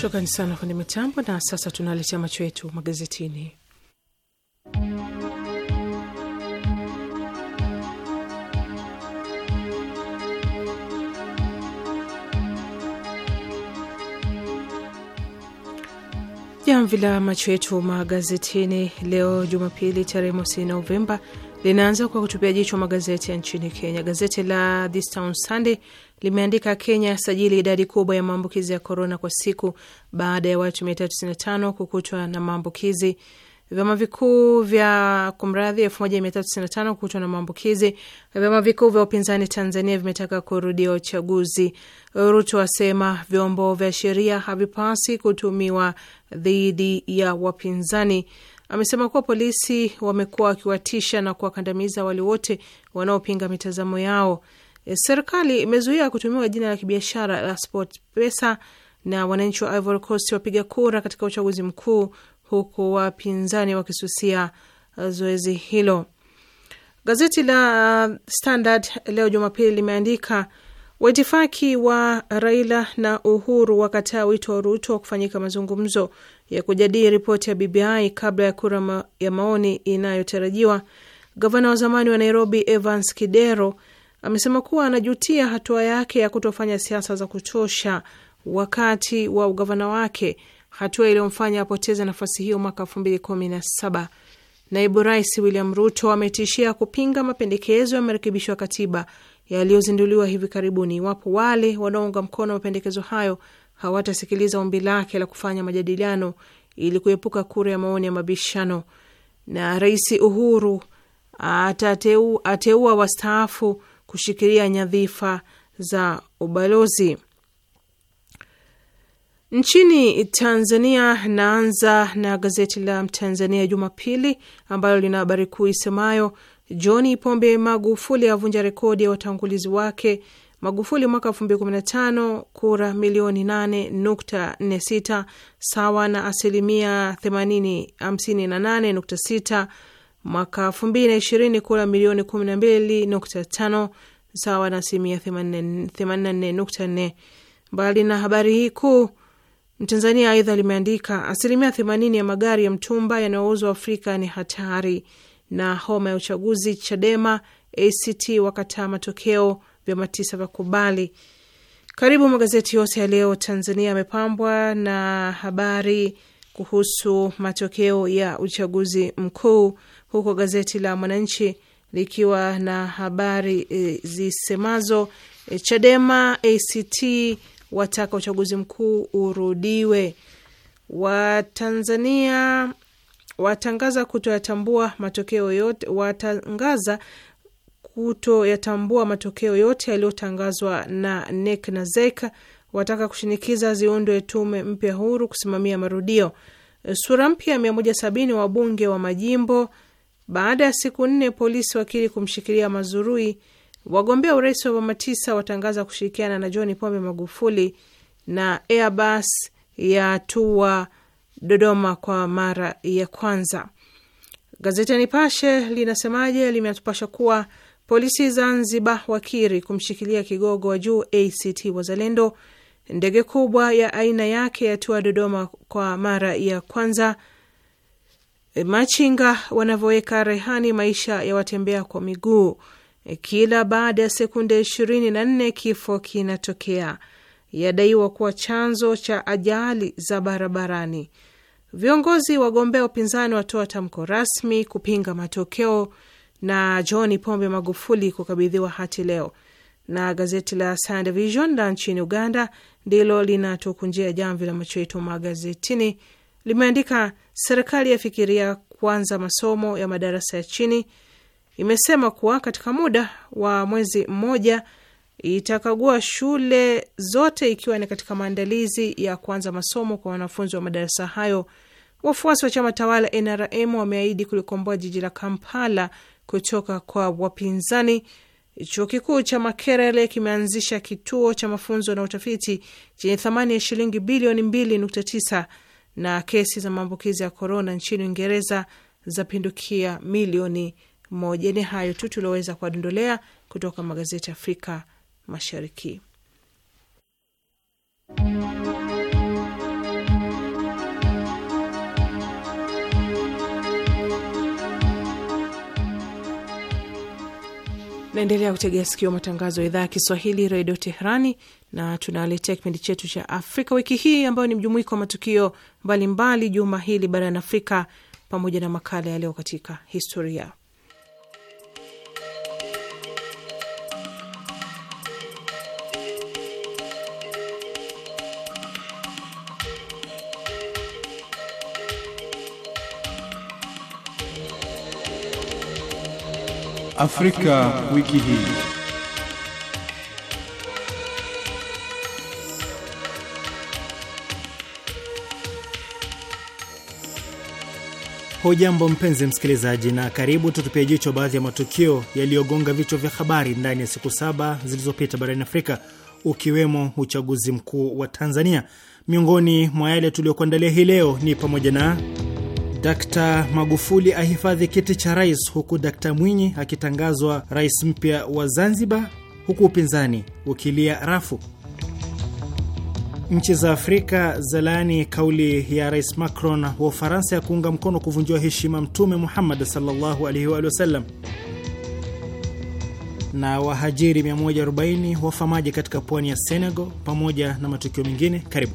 Shukrani sana fundi mitambo. Na sasa tunaletea macho yetu magazetini. Jamvi la macho yetu magazetini leo Jumapili tarehe mosi Novemba linaanza kwa kutupia jicho magazeti ya nchini Kenya. Gazeti la This Town Sunday limeandika Kenya sajili idadi kubwa ya maambukizi ya korona kwa siku baada ya watu 395 kukutwa na maambukizi. Vyama vikuu vya kumradhi 1395 kukutwa na maambukizi. Vyama vikuu vya upinzani Tanzania vimetaka kurudia uchaguzi. Ruto asema vyombo vya sheria havipasi kutumiwa dhidi ya wapinzani amesema kuwa polisi wamekuwa wakiwatisha na kuwakandamiza wale wote wanaopinga mitazamo yao. E, serikali imezuia kutumiwa jina la kibiashara la Pesa na wananchi wa Ivory Coast wapiga kura katika uchaguzi mkuu, huku wapinzani wakisusia uh, zoezi hilo. Gazeti la uh, Standard leo Jumapili limeandika waitifaki wa Raila na Uhuru wakataa wito wa Ruto wa kufanyika mazungumzo ya kujadili ripoti ya BBI kabla ya kura ma ya maoni inayotarajiwa, gavana wa zamani wa Nairobi Evans Kidero amesema kuwa anajutia hatua yake ya kutofanya siasa za kutosha wakati wa ugavana wake, hatua iliyomfanya apoteze nafasi hiyo mwaka 2017. Naibu Rais William Ruto ametishia kupinga mapendekezo ya marekebisho ya katiba yaliyozinduliwa hivi karibuni iwapo wale wanaounga mkono mapendekezo hayo hawatasikiliza ombi lake la kufanya majadiliano ili kuepuka kura ya maoni ya mabishano, na Rais Uhuru atateu, ateua wastaafu kushikilia nyadhifa za ubalozi nchini Tanzania. Naanza na gazeti la Mtanzania Jumapili ambalo lina habari kuu isemayo John Pombe Magufuli avunja rekodi ya watangulizi wake Magufuli mwaka elfu mbili kumi na tano kura milioni nane nukta nne sita sawa na asilimia themanini hamsini na nane nukta sita Mwaka elfu mbili na ishirini kura milioni kumi na mbili nukta tano sawa na asilimia themanini na nne nukta nne. Mbali na habari hii kuu, Mtanzania aidha limeandika asilimia themanini ya magari ya mtumba yanayouzwa Afrika ni hatari, na homa ya uchaguzi Chadema ACT wakataa matokeo vyama tisa vya kubali. Karibu magazeti yote ya leo Tanzania yamepambwa na habari kuhusu matokeo ya uchaguzi mkuu, huku gazeti la Mwananchi likiwa na habari e, zisemazo e, Chadema ACT wataka uchaguzi mkuu urudiwe, Watanzania watangaza kutoyatambua matokeo yote, watangaza kutoyatambua matokeo yote yaliyotangazwa na NEC na ZEK, wataka kushinikiza ziundwe tume mpya huru kusimamia marudio. Sura mpya 170 wabunge wa majimbo baada ya siku nne polisi wakili kumshikilia Mazurui. Wagombea urais wa vyama tisa watangaza kushirikiana na John Pombe Magufuli. Na Airbus yatua Dodoma kwa mara ya kwanza. Gazeti ya Nipashe linasemaje? Limetupasha kuwa Polisi Zanzibar wakiri kumshikilia kigogo wa juu ACT Wazalendo. Ndege kubwa ya aina yake yatua Dodoma kwa mara ya kwanza. E, machinga wanavyoweka rehani maisha ya watembea kwa miguu. E, kila baada ya sekunde ishirini na nne kifo kinatokea, yadaiwa kuwa chanzo cha ajali za barabarani. Viongozi wagombea upinzani watoa tamko rasmi kupinga matokeo na John Pombe Magufuli kukabidhiwa hati leo. Na gazeti la Sunday Vision la nchini Uganda ndilo linatukunjia jamvi la macho yetu magazetini. Limeandika serikali yafikiria kuanza masomo ya madarasa ya chini. Imesema kuwa katika muda wa mwezi mmoja itakagua shule zote ikiwa ni katika maandalizi ya kuanza masomo kwa wanafunzi wa madarasa hayo. Wafuasi wa chama tawala NRM wameahidi kulikomboa jiji la Kampala kutoka kwa wapinzani. Chuo kikuu cha Makerele kimeanzisha kituo cha mafunzo na utafiti chenye thamani ya shilingi bilioni 2.9 na kesi za maambukizi ya korona nchini Uingereza zapindukia milioni moja. Ni hayo tu tulioweza kuwadondolea kutoka magazeti ya Afrika Mashariki. Naendelea kutegea sikio matangazo ya idhaa ya Kiswahili redio Teherani, na tunaletea kipindi chetu cha Afrika wiki hii ambayo ni mjumuiko wa matukio mbalimbali juma hili barani Afrika, pamoja na makala yaleo katika historia. Afrika, wiki hii. Hujambo mpenzi msikilizaji, na karibu tutupia jicho baadhi ya matukio yaliyogonga vichwa vya habari ndani ya siku saba zilizopita barani Afrika, ukiwemo uchaguzi mkuu wa Tanzania. Miongoni mwa yale tuliyokuandalia hii leo ni pamoja na Dkt Magufuli ahifadhi kiti cha rais, huku Dkt Mwinyi akitangazwa rais mpya wa Zanzibar, huku upinzani ukilia rafu. Nchi za Afrika zalaani kauli ya Rais Macron wa Ufaransa ya kuunga mkono kuvunjiwa heshima Mtume Muhammad sallallahu alaihi wa sallam, na wahajiri 140 wafa maji katika pwani ya Senegal, pamoja na matukio mengine. Karibu.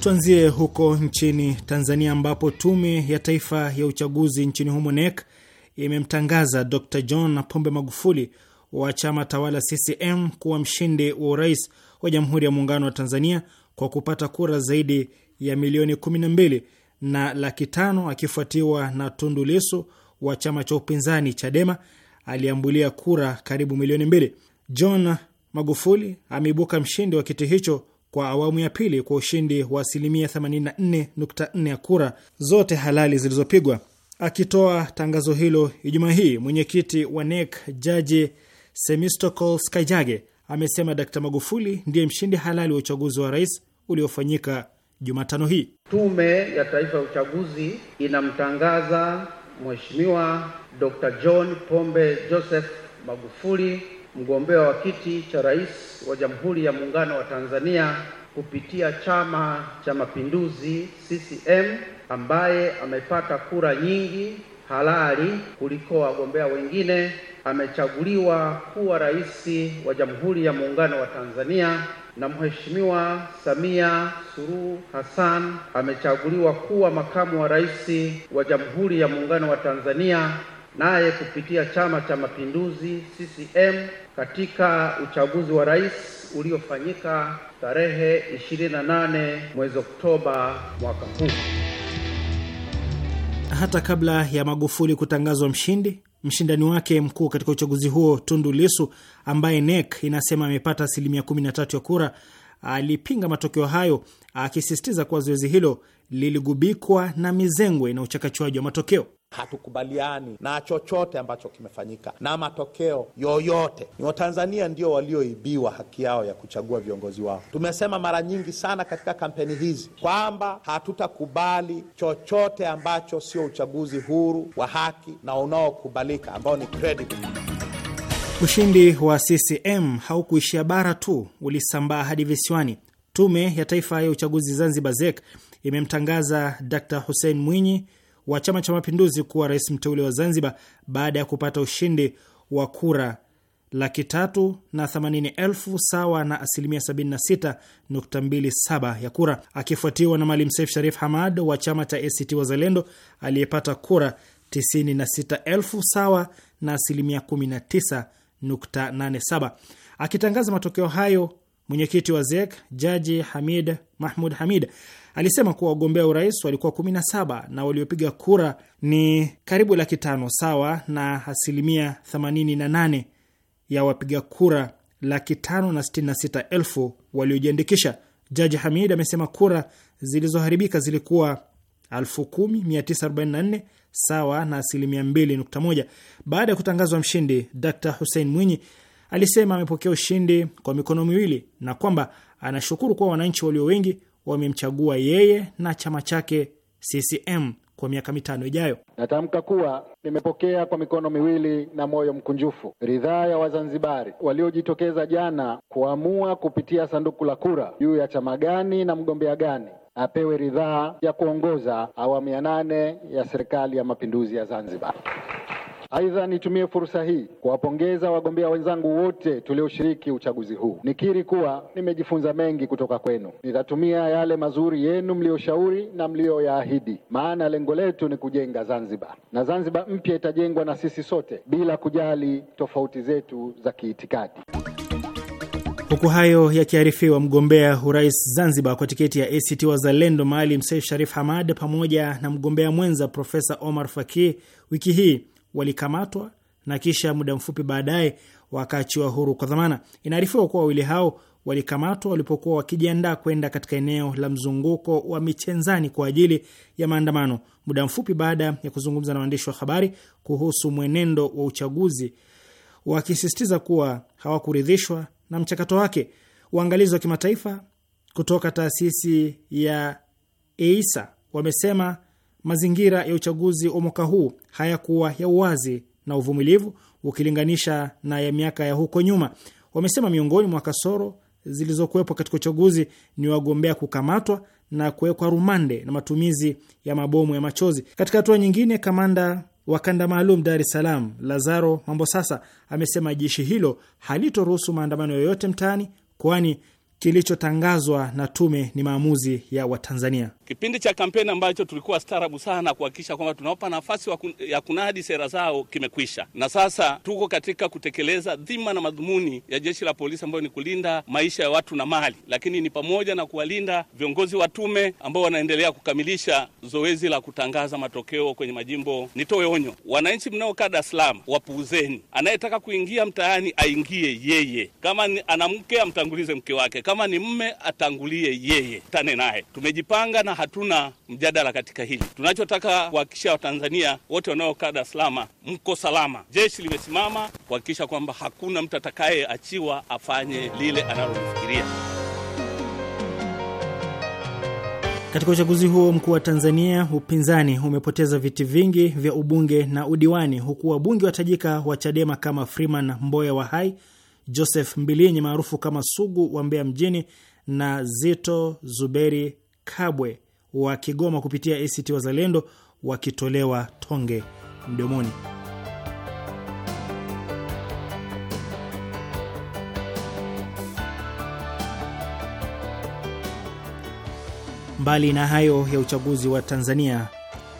Tuanzie huko nchini Tanzania, ambapo Tume ya Taifa ya Uchaguzi nchini humo NEC imemtangaza Dr John Pombe Magufuli wa chama tawala CCM kuwa mshindi wa urais wa Jamhuri ya Muungano wa Tanzania kwa kupata kura zaidi ya milioni 12 na laki tano, akifuatiwa na Tundu Lisu wa chama cha upinzani Chadema aliambulia kura karibu milioni mbili. John Magufuli ameibuka mshindi wa kiti hicho kwa awamu ya pili kwa ushindi wa asilimia 84.4 ya kura zote halali zilizopigwa. Akitoa tangazo hilo Ijumaa hii, mwenyekiti wa NEC Jaji Semistocles Kaijage amesema Dkt Magufuli ndiye mshindi halali wa uchaguzi wa rais uliofanyika Jumatano hii. Tume ya Taifa ya Uchaguzi inamtangaza Mheshimiwa Dkt John Pombe Joseph Magufuli mgombea wa kiti cha rais wa Jamhuri ya Muungano wa Tanzania kupitia Chama cha Mapinduzi CCM ambaye amepata kura nyingi halali kuliko wagombea wengine amechaguliwa kuwa rais wa Jamhuri ya Muungano wa Tanzania na Mheshimiwa Samia Suluhu Hassan amechaguliwa kuwa makamu wa rais wa Jamhuri ya Muungano wa Tanzania naye kupitia Chama cha Mapinduzi CCM katika uchaguzi wa rais uliofanyika tarehe 28 mwezi Oktoba mwaka huu. Hata kabla ya Magufuli kutangazwa mshindi, mshindani wake mkuu katika uchaguzi huo Tundu Lisu, ambaye NEC inasema amepata asilimia 13 ya kura, alipinga matokeo hayo, akisisitiza kuwa zoezi hilo liligubikwa na mizengwe na uchakachuaji wa matokeo hatukubaliani na chochote ambacho kimefanyika na matokeo yoyote. Ni Watanzania ndio walioibiwa haki yao ya kuchagua viongozi wao. Tumesema mara nyingi sana katika kampeni hizi kwamba hatutakubali chochote ambacho sio uchaguzi huru wa haki na unaokubalika ambao ni credit. Ushindi wa CCM haukuishia bara tu, ulisambaa hadi visiwani. Tume ya Taifa ya Uchaguzi Zanzibar ZEK imemtangaza Dr. Hussein Mwinyi wa Chama cha Mapinduzi kuwa rais mteule wa Zanzibar baada ya kupata ushindi wa kura laki tatu na themanini elfu sawa na asilimia 76.27 ya kura, akifuatiwa na Maalim Seif Sharif Hamad wa chama cha ACT Wazalendo aliyepata kura elfu sawa na asilimia 19.87. Akitangaza matokeo hayo Mwenyekiti wa ZEK Jaji Hamid Mahmud Hamid alisema kuwa wagombea urais walikuwa 17 na waliopiga kura ni karibu laki tano sawa na asilimia 88 ya wapiga kura laki tano na sitini na sita elfu waliojiandikisha. Jaji Hamid amesema kura zilizoharibika zilikuwa 10944 sawa na asilimia 2.1. Baada ya kutangazwa mshindi, Dr Hussein Mwinyi alisema amepokea ushindi kwa mikono miwili na kwamba anashukuru kuwa wananchi walio wengi wamemchagua yeye na chama chake CCM kwa miaka mitano ijayo. Natamka kuwa nimepokea kwa mikono miwili na moyo mkunjufu ridhaa ya Wazanzibari waliojitokeza jana kuamua kupitia sanduku la kura juu ya chama gani na mgombea gani apewe ridhaa ya kuongoza awamu ya nane ya Serikali ya Mapinduzi ya Zanzibar. Aidha, nitumie fursa hii kuwapongeza wagombea wenzangu wote tulioshiriki uchaguzi huu. Nikiri kuwa nimejifunza mengi kutoka kwenu. Nitatumia yale mazuri yenu mliyoshauri na mliyoyaahidi, maana lengo letu ni kujenga Zanzibar, na Zanzibar mpya itajengwa na sisi sote bila kujali tofauti zetu za kiitikadi. Huku hayo yakiarifiwa, mgombea urais Zanzibar kwa tiketi ya ACT Wazalendo Maalim Seif Sharif Hamad pamoja na mgombea mwenza Profesa Omar Fakih wiki hii walikamatwa na kisha muda mfupi baadaye wakaachiwa huru kwa dhamana. Inaarifiwa kuwa wawili hao walikamatwa walipokuwa wakijiandaa kwenda katika eneo la mzunguko wa Michenzani kwa ajili ya maandamano. Muda mfupi baada ya kuzungumza na waandishi wa habari kuhusu mwenendo wa uchaguzi, wakisisitiza kuwa hawakuridhishwa na mchakato wake. Uangalizi wa kimataifa kutoka taasisi ya EISA wamesema mazingira ya uchaguzi wa mwaka huu hayakuwa ya uwazi na uvumilivu ukilinganisha na ya miaka ya huko nyuma. Wamesema miongoni mwa kasoro zilizokuwepo katika uchaguzi ni wagombea kukamatwa na kuwekwa rumande na matumizi ya mabomu ya machozi. Katika hatua nyingine, kamanda wa kanda maalum Dar es Salaam Lazaro Mambo sasa amesema jeshi hilo halitoruhusu maandamano yoyote mtaani, kwani kilichotangazwa na tume ni maamuzi ya Watanzania. Kipindi cha kampeni ambacho tulikuwa starabu sana kuhakikisha kwamba tunawapa nafasi ya kunadi sera zao kimekwisha, na sasa tuko katika kutekeleza dhima na madhumuni ya jeshi la polisi ambayo ni kulinda maisha ya watu na mali, lakini ni pamoja na kuwalinda viongozi wa tume ambao wanaendelea kukamilisha zoezi la kutangaza matokeo kwenye majimbo. Nitoe onyo, wananchi mnaokaa Dar es Salaam, wapuuzeni. Anayetaka kuingia mtaani aingie yeye, kama ana mke amtangulize mke wake kama ni mme atangulie yeye, tane naye. Tumejipanga na hatuna mjadala katika hili. Tunachotaka kuhakikisha Watanzania wote wanaokaa Dar es Salaam mko salama. Jeshi limesimama kuhakikisha kwamba hakuna mtu atakayeachiwa afanye lile analolifikiria. Katika uchaguzi huo mkuu wa Tanzania, upinzani umepoteza viti vingi vya ubunge na udiwani, huku wabunge watajika wa Chadema kama Freeman Mboya wa Hai Joseph Mbilinyi maarufu kama Sugu wa Mbeya mjini na Zito Zuberi Kabwe wa Kigoma kupitia ACT Wazalendo wakitolewa tonge mdomoni. Mbali na hayo ya uchaguzi wa Tanzania,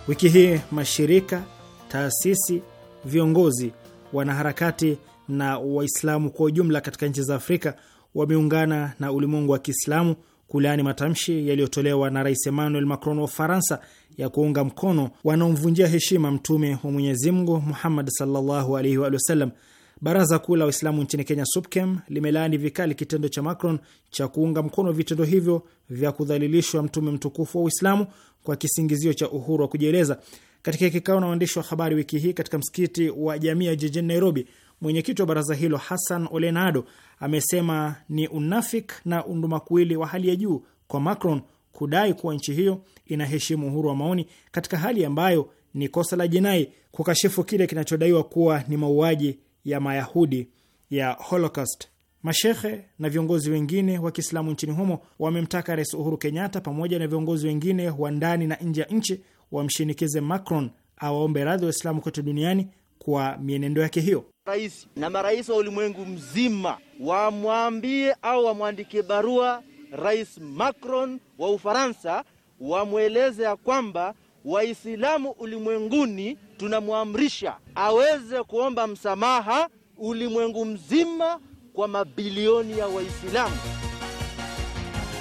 wiki hii mashirika, taasisi, viongozi, wanaharakati na Waislamu kwa ujumla katika nchi za Afrika wameungana na ulimwengu wa Kiislamu kulaani matamshi yaliyotolewa na Rais Emmanuel Macron wa Ufaransa ya kuunga mkono wanaomvunjia heshima Mtume wa Mwenyezi Mungu Muhammad sallallahu alaihi wa sallam. Baraza Kuu la Waislamu nchini Kenya, SUPKEM, limelaani vikali kitendo cha Macron cha kuunga mkono vitendo hivyo vya kudhalilishwa mtume mtukufu wa Uislamu kwa kisingizio cha uhuru wa kujieleza. Katika kikao na waandishi wa habari wiki hii katika msikiti wa Jamia jijini Nairobi, Mwenyekiti wa baraza hilo Hassan Olenado amesema ni unafik na undumakuwili wa hali ya juu kwa Macron kudai kuwa nchi hiyo inaheshimu uhuru wa maoni katika hali ambayo ni kosa la jinai kukashifu kile kinachodaiwa kuwa ni mauaji ya Mayahudi ya Holocaust. Mashehe na viongozi wengine wa Kiislamu nchini humo wamemtaka Rais Uhuru Kenyatta pamoja na viongozi wengine wa ndani na nje ya nchi wamshinikize Macron awaombe radhi Waislamu kote duniani kwa mienendo yake hiyo rais na marais wa ulimwengu mzima wamwambie au wamwandikie barua Rais Macron wa Ufaransa, wamweleze ya kwamba Waislamu ulimwenguni tunamwamrisha aweze kuomba msamaha ulimwengu mzima kwa mabilioni ya Waislamu.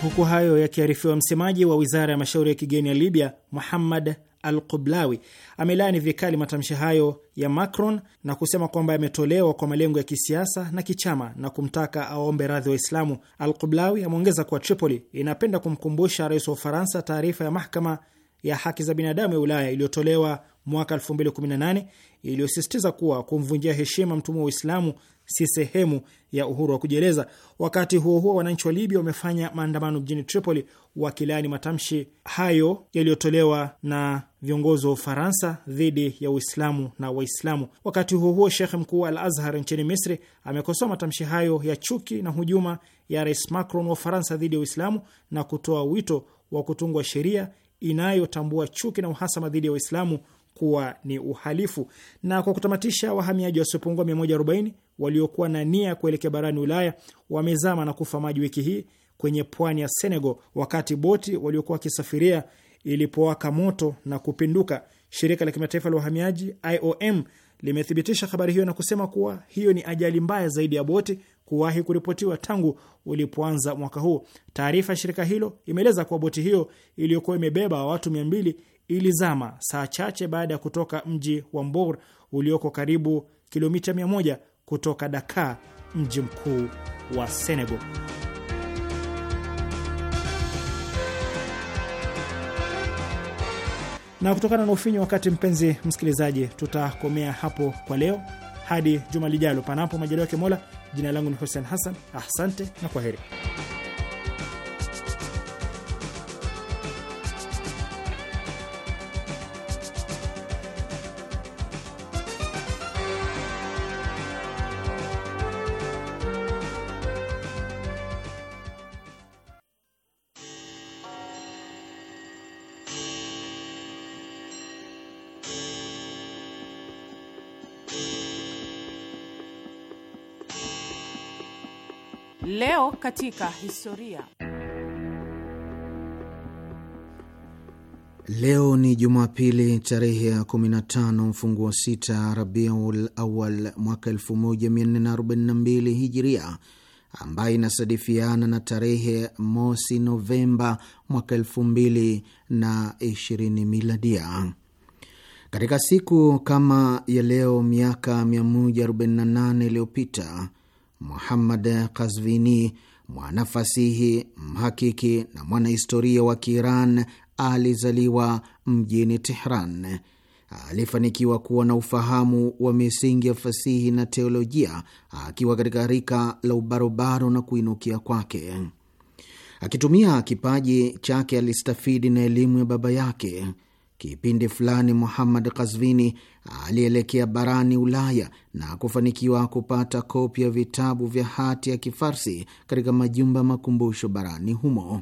Huku hayo yakiarifiwa, msemaji wa wizara ya mashauri ya kigeni ya Libya Muhammad Al-Qublawi amelaani vikali matamshi hayo ya Macron na kusema kwamba yametolewa kwa malengo ya kisiasa na kichama na kumtaka aombe radhi Waislamu. Al-Qublawi ameongeza kuwa Tripoli inapenda kumkumbusha rais wa Ufaransa taarifa ya mahakama ya haki za binadamu ya Ulaya iliyotolewa mwaka 2018 iliyosisitiza kuwa kumvunjia heshima mtumwa wa Uislamu si sehemu ya uhuru wa kujieleza. Wakati huo huo, wananchi wa Libya wamefanya maandamano mjini Tripoli wakilaani matamshi hayo yaliyotolewa na viongozi wa Ufaransa dhidi ya Uislamu na Waislamu. Wakati huo huo, shekhe mkuu Al Azhar nchini Misri amekosoa matamshi hayo ya chuki na hujuma ya Rais Macron wa Ufaransa dhidi ya Uislamu na kutoa wito wa kutungwa sheria inayotambua chuki na uhasama dhidi ya Waislamu kuwa ni uhalifu. Na kwa kutamatisha, wahamiaji wasiopungua 140 waliokuwa na nia ya kuelekea barani Ulaya wamezama na kufa maji wiki hii kwenye pwani ya Senegal wakati boti waliokuwa wakisafiria ilipowaka moto na kupinduka. Shirika la kimataifa la uhamiaji IOM limethibitisha habari hiyo na kusema kuwa hiyo ni ajali mbaya zaidi ya boti kuwahi kuripotiwa tangu ulipoanza mwaka huu. Taarifa ya shirika hilo imeeleza kuwa boti hiyo iliyokuwa imebeba watu mia mbili ilizama saa chache baada ya kutoka mji wa Mbor ulioko karibu kilomita mia moja kutoka Dakar, mji mkuu wa Senegal. Na kutokana na ufinyu wakati, mpenzi msikilizaji, tutakomea hapo kwa leo hadi juma lijalo, panapo majaliwa yake Mola. Jina langu ni Hussein Hassan, asante na kwa heri. Leo katika historia. Leo ni Jumapili tarehe ya 15 wa sita Rabiul Awal mwaka 1442 Hijiria, ambayo inasadifiana na tarehe mosi Novemba mwaka 2020 Miladia. Katika siku kama ya leo miaka 148 iliyopita Muhammad Kazvini, mwanafasihi, mhakiki na mwanahistoria wa Kiiran, alizaliwa mjini Tehran. Alifanikiwa kuwa na ufahamu wa misingi ya fasihi na teolojia akiwa katika rika la ubarobaro na kuinukia kwake. Akitumia kipaji chake, alistafidi na elimu ya baba yake. Kipindi fulani Muhammad Kazvini alielekea barani Ulaya na kufanikiwa kupata kopi ya vitabu vya hati ya Kifarsi katika majumba ya makumbusho barani humo.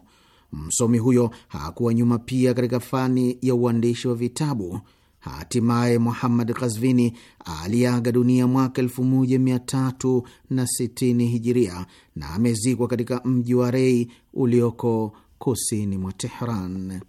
Msomi huyo hakuwa nyuma pia katika fani ya uandishi wa vitabu. Hatimaye Muhammad Kazvini aliaga dunia mwaka 1360 hijiria na amezikwa katika mji wa Rei ulioko kusini mwa Tehran.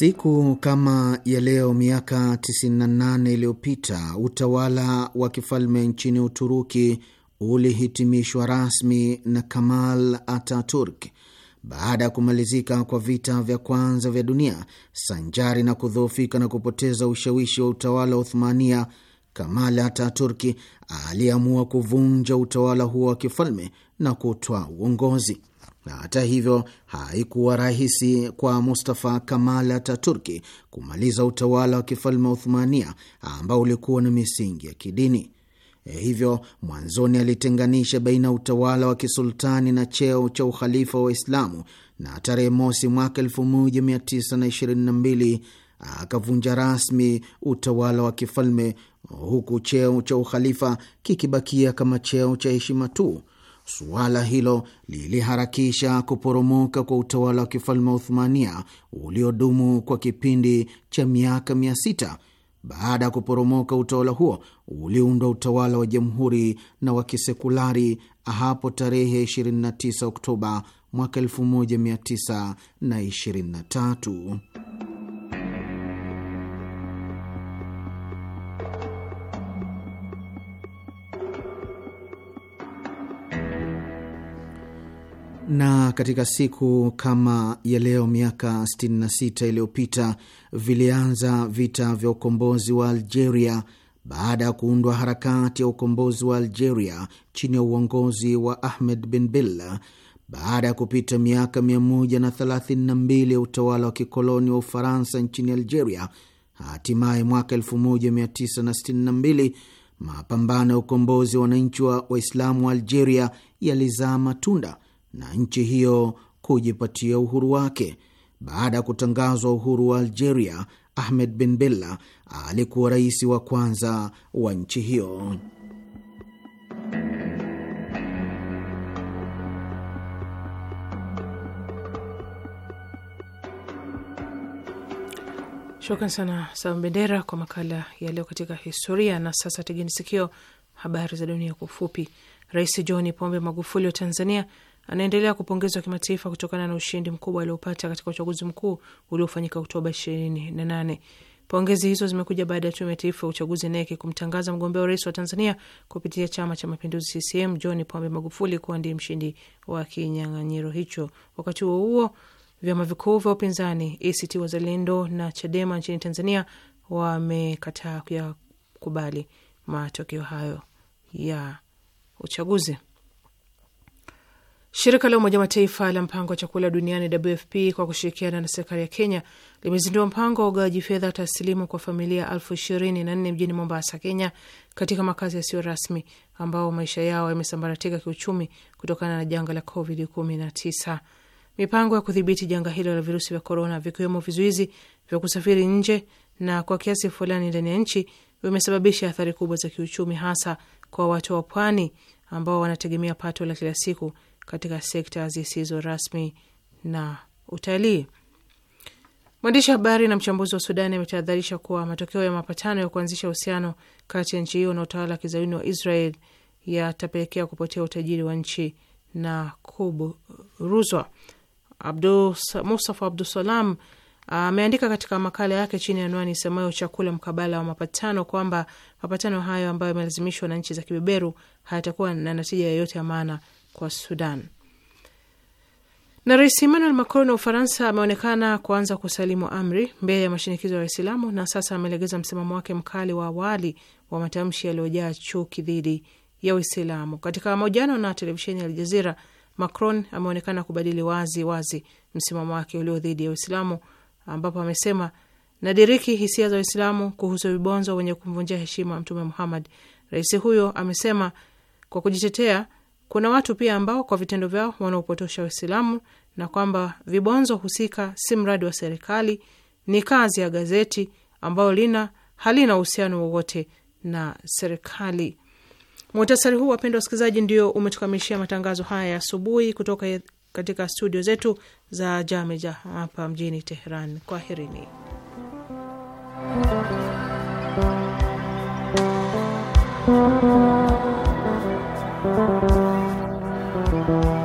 Siku kama ya leo miaka 98 iliyopita utawala wa kifalme nchini Uturuki ulihitimishwa rasmi na Kamal Ataturk baada ya kumalizika kwa vita vya kwanza vya dunia, sanjari na kudhoofika na kupoteza ushawishi wa utawala wa Uthmania. Kamal Ataturki aliamua kuvunja utawala huo wa kifalme na kutoa uongozi na hata hivyo haikuwa rahisi kwa Mustafa Kamal Ataturki kumaliza utawala wa kifalme wa Uthmania ambao ulikuwa na misingi ya kidini. E, hivyo mwanzoni alitenganisha baina ya utawala wa kisultani na cheo cha ukhalifa wa Waislamu, na tarehe mosi mwaka 1922 akavunja rasmi utawala wa kifalme huku cheo cha ukhalifa kikibakia kama cheo cha heshima tu Suala hilo liliharakisha kuporomoka kwa utawala wa kifalme wa Uthmania uliodumu kwa kipindi cha miaka mia sita. Baada ya kuporomoka utawala huo, uliundwa utawala wa jamhuri na wa kisekulari hapo tarehe 29 Oktoba mwaka 1923. Na katika siku kama ya leo miaka 66 iliyopita vilianza vita vya ukombozi wa Algeria baada ya kuundwa harakati ya ukombozi wa Algeria chini ya uongozi wa Ahmed bin Bella baada ya kupita miaka 132 ya utawala wa kikoloni wa Ufaransa nchini Algeria. Hatimaye mwaka 1962 mapambano ya ukombozi wa wananchi wa Waislamu wa Algeria yalizaa matunda na nchi hiyo kujipatia uhuru wake. Baada ya kutangazwa uhuru wa Algeria, Ahmed Ben Bella alikuwa rais wa kwanza wa nchi hiyo. Shukran sana Sam Bendera kwa makala ya leo katika historia. Na sasa tegeni sikio, habari za dunia kwa ufupi. Rais John Pombe Magufuli wa Tanzania anaendelea kupongezwa kimataifa kutokana na ushindi mkubwa aliopata katika uchaguzi mkuu uliofanyika Oktoba ishirini na nane. Pongezi hizo zimekuja baada ya tume ya taifa ya uchaguzi NEC kumtangaza mgombea urais wa Tanzania kupitia chama cha mapinduzi CCM John Pombe Magufuli kuwa ndiye mshindi wa kinyang'anyiro hicho. Wakati huo huo, vyama vikuu vya upinzani ACT Wazalendo na CHADEMA nchini Tanzania wamekataa kuyakubali matokeo hayo ya uchaguzi. Shirika la Umoja Mataifa la mpango wa chakula duniani WFP kwa kushirikiana na serikali ya Kenya limezindua mpango wa ugawaji fedha taslimu kwa familia elfu ishirini na nne mjini Mombasa, Kenya, katika makazi yasiyo rasmi ambao maisha yao yamesambaratika kiuchumi kutokana na janga la Covid 19. Mipango ya kudhibiti janga hilo la virusi vya korona, vikiwemo vizuizi vya kusafiri nje na kwa kiasi fulani ndani ya nchi, vimesababisha athari kubwa za kiuchumi, hasa kwa watu wa pwani ambao wanategemea pato la kila siku katika sekta zisizo rasmi na utalii. Mwandishi habari na mchambuzi wa Sudani ametahadharisha kuwa matokeo ya mapatano ya kuanzisha uhusiano kati ya nchi hiyo na utawala wa kizayuni wa Israel yatapelekea kupotea utajiri wa nchi na kuburuzwa. Abdu, Mustafa Abdusalam ah, ameandika uh, katika makala yake chini ya anwani isemayo chakula mkabala wa mapatano kwamba mapatano hayo ambayo yamelazimishwa na nchi za kibeberu hayatakuwa na natija yoyote ya maana kwa Sudan. Na Rais Emmanuel Macron wa Ufaransa ameonekana kuanza kusalimu amri mbele ya mashinikizo ya Waislamu na sasa amelegeza msimamo wake mkali wa awali wa matamshi yaliyojaa chuki dhidi ya Uislamu. Katika mahojiano na televisheni ya Aljazira, Macron ameonekana kubadili wazi wazi msimamo wake ulio dhidi ya Uislamu, ambapo amesema nadiriki hisia za Waislamu kuhusu vibonzo wenye kumvunjia heshima Mtume Muhammad. Rais huyo amesema kwa kujitetea kuna watu pia ambao kwa vitendo vyao wanaopotosha Waislamu na kwamba vibonzo husika si mradi wa serikali, ni kazi ya gazeti ambayo lina halina uhusiano wowote na serikali. Muhtasari huu, wapendwa wasikilizaji, ndio umetukamilishia matangazo haya ya asubuhi kutoka katika studio zetu za Jameja hapa mjini Teheran. Kwaherini. Thank you.